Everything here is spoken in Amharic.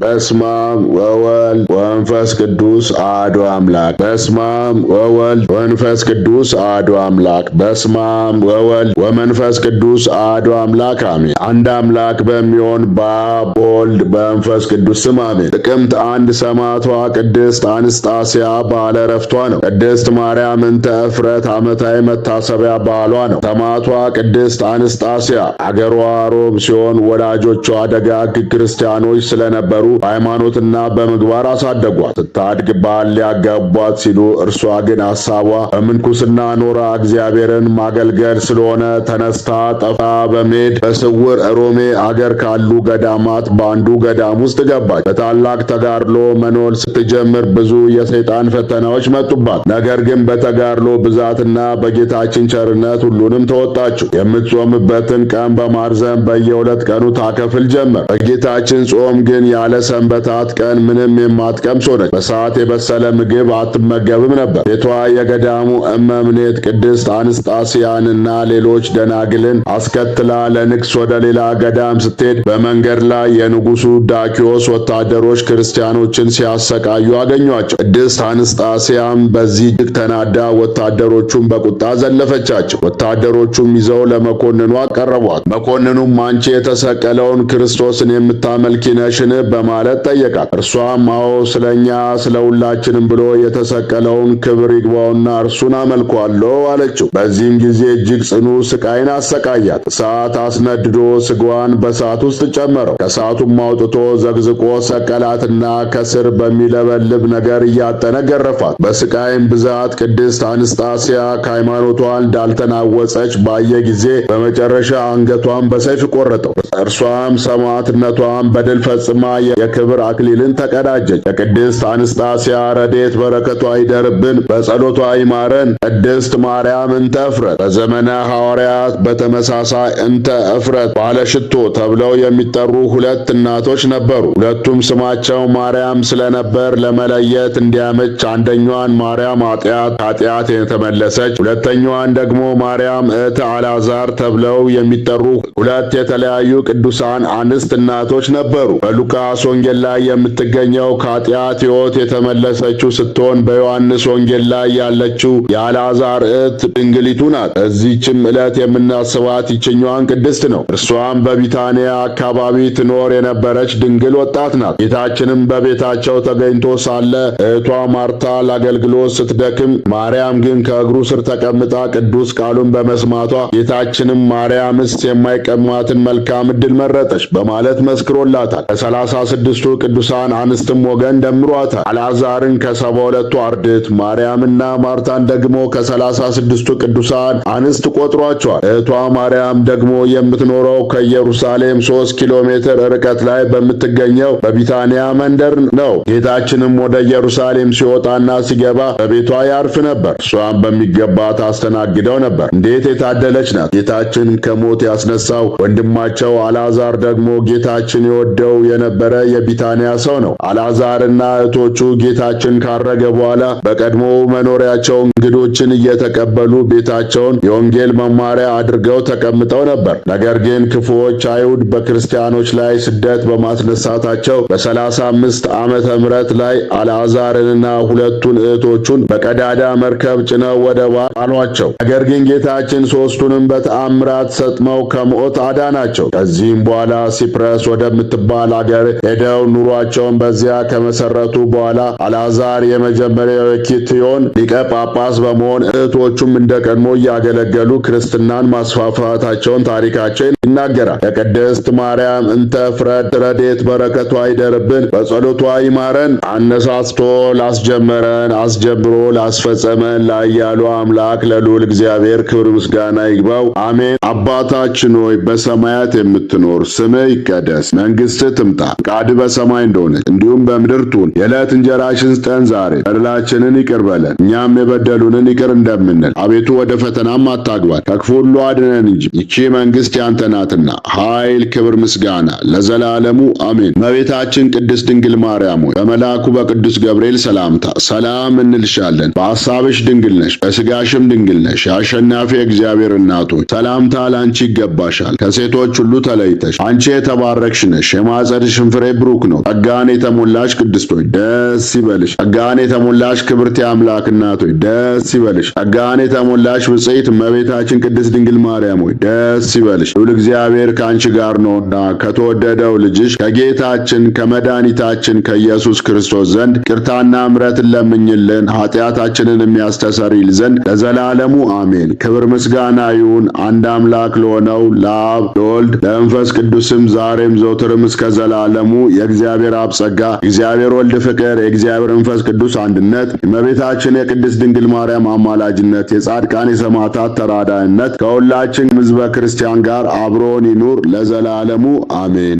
በስማም ወወልድ ወንፈስ ቅዱስ አዶ አምላክ በስማም ወወልድ ወንፈስ ቅዱስ አዶ አምላክ በስማም ወወልድ ወመንፈስ ቅዱስ አዶ አምላክ አሜን። አንድ አምላክ በሚሆን በአብ በወልድ በመንፈስ ቅዱስ ስም አሜን። ጥቅምት አንድ ሰማዕቷ ቅድስት አንስጣስያ ባለ ረፍቷ ነው። ቅድስት ማርያም እንተ እፍረት ዓመታዊ መታሰቢያ በዓሏ ነው። ሰማዕቷ ቅድስት አንስጣስያ አገሯ ሮም ሲሆን ወላጆቿ ደጋግ ክርስቲያኖች ስለነበሩ በመዳሩ በሃይማኖትና በምግባር አሳደጓት። ስታድግ ባል ሊያጋቧት ሲሉ እርሷ ግን አሳቧ፣ በምንኩስና ኖራ እግዚአብሔርን ማገልገል ስለሆነ ተነስታ ጠፋ በመሄድ በስውር ሮሜ አገር ካሉ ገዳማት በአንዱ ገዳም ውስጥ ገባች። በታላቅ ተጋድሎ መኖል ስትጀምር ብዙ የሰይጣን ፈተናዎች መጡባት። ነገር ግን በተጋድሎ ብዛትና በጌታችን ቸርነት ሁሉንም ተወጣችው። የምትጾምበትን ቀን በማርዘም በየሁለት ቀኑ ታከፍል ጀመር። በጌታችን ጾም ግን ያለ ሰንበታት ቀን ምንም የማትቀምስ ሆነች። በሰዓት የበሰለ ምግብ አትመገብም ነበር። ቤቷ የገዳሙ እመምኔት ቅድስት አንስጣስያንና ሌሎች ደናግልን አስከትላ ለንግስ ወደ ሌላ ገዳም ስትሄድ በመንገድ ላይ የንጉሱ ዳኪዎስ ወታደሮች ክርስቲያኖችን ሲያሰቃዩ አገኟቸው። ቅድስት አንስጣስያም በዚህ እጅግ ተናዳ ወታደሮቹን በቁጣ ዘለፈቻቸው። ወታደሮቹም ይዘው ለመኮንኑ አቀረቧት። መኮንኑም አንቺ የተሰቀለውን ክርስቶስን የምታመልኪ ነሽን? በማለት ጠየቃት። እርሷም አዎ ስለ እኛ ስለ ሁላችንም ብሎ የተሰቀለውን ክብር ይግባውና እርሱን አመልኳለሁ አለችው። በዚህም ጊዜ እጅግ ጽኑ ስቃይን አሰቃያት። እሳት አስነድዶ ስጋዋን በእሳት ውስጥ ጨመረው። ከእሳቱም አውጥቶ ዘግዝቆ ሰቀላትና ከስር በሚለበልብ ነገር እያጠነ ገረፋት። በስቃይም ብዛት ቅድስት አንስጣስያ ከሃይማኖቷ እንዳልተናወጸች ባየ ጊዜ በመጨረሻ አንገቷን በሰይፍ ቆረጠው። እርሷም ሰማዕትነቷን በድል ፈጽማ የክብር አክሊልን ተቀዳጀች። የቅድስት አንስጣስያ ረዴት በረከቷ ይደርብን፣ በጸሎቷ ይማረን። ቅድስት ማርያም እንተ እፍረት በዘመነ ሐዋርያት በተመሳሳይ እንተ እፍረት ባለ ሽቶ ተብለው የሚጠሩ ሁለት እናቶች ነበሩ። ሁለቱም ስማቸው ማርያም ስለነበር ለመለየት እንዲያመች አንደኛዋን ማርያም አጢያት ኃጢአት የተመለሰች ሁለተኛዋን ደግሞ ማርያም እት አልዓዛር ተብለው የሚጠሩ ሁለት የተለያዩ ቅዱሳን አንስት እናቶች ነበሩ። በሉቃስ በሉቃስ ወንጌል ላይ የምትገኘው ከኃጢአት ሕይወት የተመለሰችው ስትሆን በዮሐንስ ወንጌል ላይ ያለችው የአልዓዛር እህት ድንግሊቱ ናት። እዚችም ዕለት የምናስባት ይችኛዋን ቅድስት ነው። እርሷም በቢታንያ አካባቢ ትኖር የነበረች ድንግል ወጣት ናት። ጌታችንም በቤታቸው ተገኝቶ ሳለ እህቷ ማርታ ለአገልግሎት ስትደክም፣ ማርያም ግን ከእግሩ ስር ተቀምጣ ቅዱስ ቃሉን በመስማቷ ጌታችንም ማርያምስ የማይቀማትን መልካም ዕድል መረጠች በማለት መስክሮላታል። ከሰላሳ ከስድስቱ ቅዱሳን አንስትም ወገን ደምሯታል። አልዓዛርን ከሰባ ሁለቱ አርድት ማርያምና ማርታን ደግሞ ከሰላሳ ስድስቱ ቅዱሳን አንስት ቆጥሯቸዋል። እህቷ ማርያም ደግሞ የምትኖረው ከኢየሩሳሌም ሶስት ኪሎ ሜትር ርቀት ላይ በምትገኘው በቢታንያ መንደር ነው። ጌታችንም ወደ ኢየሩሳሌም ሲወጣና ሲገባ በቤቷ ያርፍ ነበር። እሷም በሚገባ ታስተናግደው ነበር። እንዴት የታደለች ናት! ጌታችን ከሞት ያስነሳው ወንድማቸው አልዓዛር ደግሞ ጌታችን የወደው የነበረ የቢታንያ ሰው ነው። አልዓዛርና እህቶቹ ጌታችን ካረገ በኋላ በቀድሞ መኖሪያቸው እንግዶችን እየተቀበሉ ቤታቸውን የወንጌል መማሪያ አድርገው ተቀምጠው ነበር። ነገር ግን ክፉዎች አይሁድ በክርስቲያኖች ላይ ስደት በማስነሳታቸው በሰላሳ አምስት ዓመተ ምህረት ላይ አልዓዛርንና ሁለቱን እህቶቹን በቀዳዳ መርከብ ጭነው ወደ ባህር አሏቸው። ነገር ግን ጌታችን ሦስቱንም በተአምራት ሰጥመው ከሞት አዳናቸው። ከዚህም በኋላ ሲፕረስ ወደምትባል አገር ሄደው ኑሯቸውን በዚያ ከመሰረቱ በኋላ አልዓዛር የመጀመሪያው የኪትዮን ሊቀ ጳጳስ በመሆን እህቶቹም እንደ ቀድሞ እያገለገሉ ክርስትናን ማስፋፋታቸውን ታሪካቸውን ይናገራል። የቅድስት ማርያም እንተ ፍረድ ረዴት በረከቷ ይደርብን፣ በጸሎቷ ይማረን። አነሳስቶ ላስጀመረን አስጀምሮ ላስፈጸመን ላያሉ አምላክ ለልዑል እግዚአብሔር ክብር ምስጋና ይግባው፣ አሜን። አባታችን ሆይ በሰማያት የምትኖር ስምህ ይቀደስ፣ መንግሥትህ ትምጣ ፈቃድህ በሰማይ እንደሆነች እንዲሁም በምድር ትሁን። የዕለት እንጀራችንን ስጠን ዛሬ፣ በደላችንን ይቅር በለን እኛም የበደሉንን ይቅር እንደምንል። አቤቱ ወደ ፈተናም አታግባል ከክፉ ሁሉ አድነን እንጂ ይቺ መንግስት ያንተ ናትና፣ ኃይል፣ ክብር፣ ምስጋና ለዘላለሙ አሜን። እመቤታችን ቅድስት ድንግል ማርያም ሆይ በመልአኩ በቅዱስ ገብርኤል ሰላምታ ሰላም እንልሻለን። በሐሳብሽ ድንግል ነሽ፣ በስጋሽም ድንግል ነሽ። የአሸናፊ እግዚአብሔር እናት ሆይ ሰላምታ ለአንቺ ይገባሻል። ከሴቶች ሁሉ ተለይተሽ አንቺ የተባረክሽ ነሽ። የማኅፀንሽ ፍሬ ብሩክ ነው። ጸጋን የተሞላሽ ቅድስት ሆይ ደስ ይበልሽ። ጸጋን የተሞላሽ ክብርት የአምላክ እናት ሆይ ደስ ይበልሽ። ጸጋን የተሞላሽ ብጽዕት እመቤታችን ቅድስት ድንግል ማርያም ሆይ ደስ ይበልሽ። ልዑል እግዚአብሔር ከአንቺ ጋር ነውና ከተወደደው ልጅሽ ከጌታችን ከመድኃኒታችን ከኢየሱስ ክርስቶስ ዘንድ ቅርታና እምረትን ለምኝልን ኃጢአታችንን የሚያስተሰርይል ዘንድ ለዘላለሙ አሜን። ክብር ምስጋና ይሁን አንድ አምላክ ለሆነው ለአብ ለወልድ ለመንፈስ ቅዱስም ዛሬም ዘውትርም እስከ ዘላለሙ ሰላሙ የእግዚአብሔር አብ ጸጋ፣ እግዚአብሔር ወልድ ፍቅር፣ የእግዚአብሔር መንፈስ ቅዱስ አንድነት፣ እመቤታችን የቅድስት ድንግል ማርያም አማላጅነት፣ የጻድቃን የሰማዕታት ተራዳይነት ከሁላችን ሕዝበ ክርስቲያን ጋር አብሮን ይኑር ለዘላለሙ አሜን።